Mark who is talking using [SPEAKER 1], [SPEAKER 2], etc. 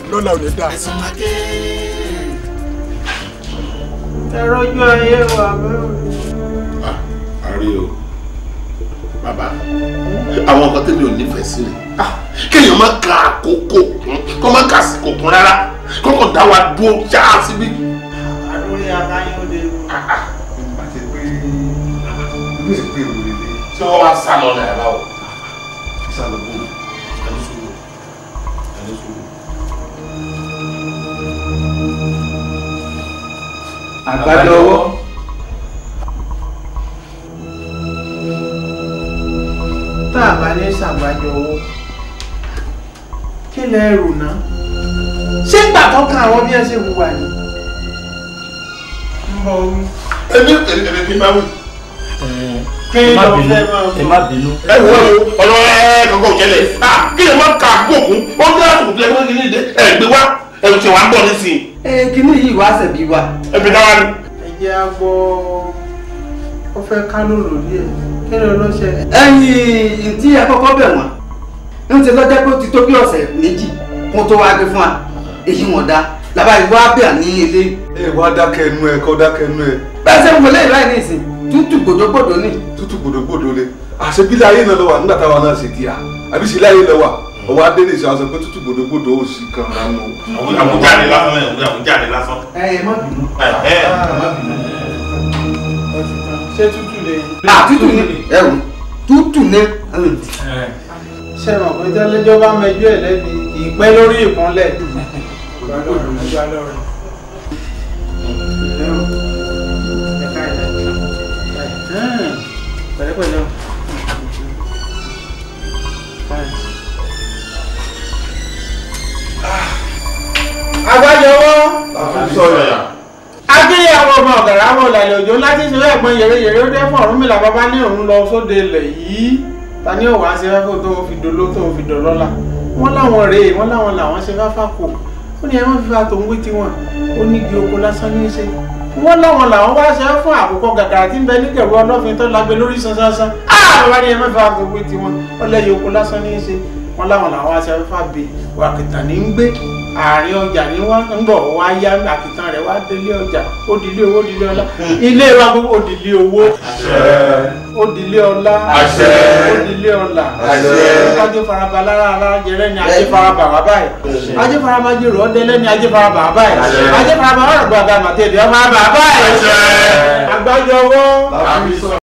[SPEAKER 1] tẹ̀lé lọ́la ò ní dà. ẹ̀rọ ojú ayé wà mẹ́rin. Ah, a rí o bàbá àwọn nǹkan tẹ́lẹ̀ ò nífẹ̀ẹ́ sí rẹ̀ ah, kéèyàn má ka àkókò kún kó má ka àsìkò kún rárá kó kàn dá wa dúró ṣáá síbí. àlórí aláyọ̀ lè yóò gbé ìwé tí wọ́n wá sá náírà o. sá bó ẹni sùúrù ẹni sùúrù. àgbájọ ọwọ́. tá a bá ní ṣàgbájọ ọwọ́ kí lẹ rò ná ṣé gbà tó kan àwọn bí ẹ ṣe wùwà ni. èmi èmi kì í máa wù ẹ má bínú. ẹ wo ọ̀rọ̀ ẹ kankan òjẹlẹ̀ ah, kí ẹ má ka àgbo òkun ó àtùkù tó ẹ gbé wá ẹ ti wà ń nísìnyí. ee kí ni yìí wá ṣẹ̀bí wa. ẹbí náà ni. ẹyẹ agbọ ó fẹ́ kánú lórí ẹ kí ló ló ṣe. ẹ̀yin ntí bẹ̀ wọ́n ń ṣe lọ́jọ́ pé ó ti tó bí ọ̀sẹ̀ méjì kó tó wá gbé fún wa èyí wọ́n dá làbá ìwà bẹ̀ ní ilé. ẹ wá dákẹ́ ẹnu ẹ dákẹ́ ẹnu ẹ. bẹ́ẹ̀ ṣe ń wọlé ìbáyìí ní ìsìn tútù gbòdógbòdó ni. tútù gbòdógbòdó láyé lọ wà nígbà táwa náà di à àbí láyé lọ wà owó adéníṣẹ́ aṣọ pé tútù gbòdògbòdò ó sì kan ra nù. àwùjáde lásán ẹ̀ àwùjáde lásán. ẹ ẹ má bínú. ẹ ẹ má bínú. ṣé tútù lè. a tútù ni ẹ tútù ni. ṣé mo pé tẹ́lẹ́jọ́ bá mẹjọ́ ẹ̀ lẹ́bi ìpẹ́ lórí ìpọ́nlẹ̀. ìgbàlódé ìgbàlódé. sọ̀rọ̀ agbéyàwó ọmọ ọ̀gàrà wọn ọ̀làlẹ̀ òjò láti ṣe ẹ̀gbọ́n yèrèyèrè ó dẹ́fọ̀ ọ̀rún mi làbàbá ní òun lọ sóde ilẹ̀ yìí ta ní òwà ṣe fẹ́fẹ́ tó fi dolo tó fi dọ̀lọ́la wọ́n láwọn rèé wọ́n láwọn làwọn ṣe fáfá kò ó ní ẹ wọ́n fi fa tòun wí tiwọn ó ní igi oko lásán ní í ṣe wọ́n láwọn làwọn wá ṣe fún àkókò gàgàrà tí ń bẹ ní kẹ̀rù ọlọ́fin tó lagbe lórí sansansan àbábá ní ẹ mẹ́fà tòun wí tiwọn ọlẹ́yìn oko lásán ní í ṣe wọ́n láwọn làwọn wá ṣe fáfá bè wàkìtà ní ń gbé àárín ọjà ni wọ́n ń bọ̀ wá yá àkìtàn rẹ̀ wá délé ọjà ó dilé owó dilé ọlá ilé wa gbogbo ó dilé owó ó dilé ọlá ó dilé ọlà ajé faraba lára alájẹ lẹ́ni ajé faraba wà báyìí ajé faraba jèrò ọdẹ lẹ́ni ajé faraba wà báyìí ajé faraba wà rọ̀gbọ̀ àgbà màtẹ́ẹ̀dẹ̀ ọmọ àbà báyìí agbájọ ọwọ́.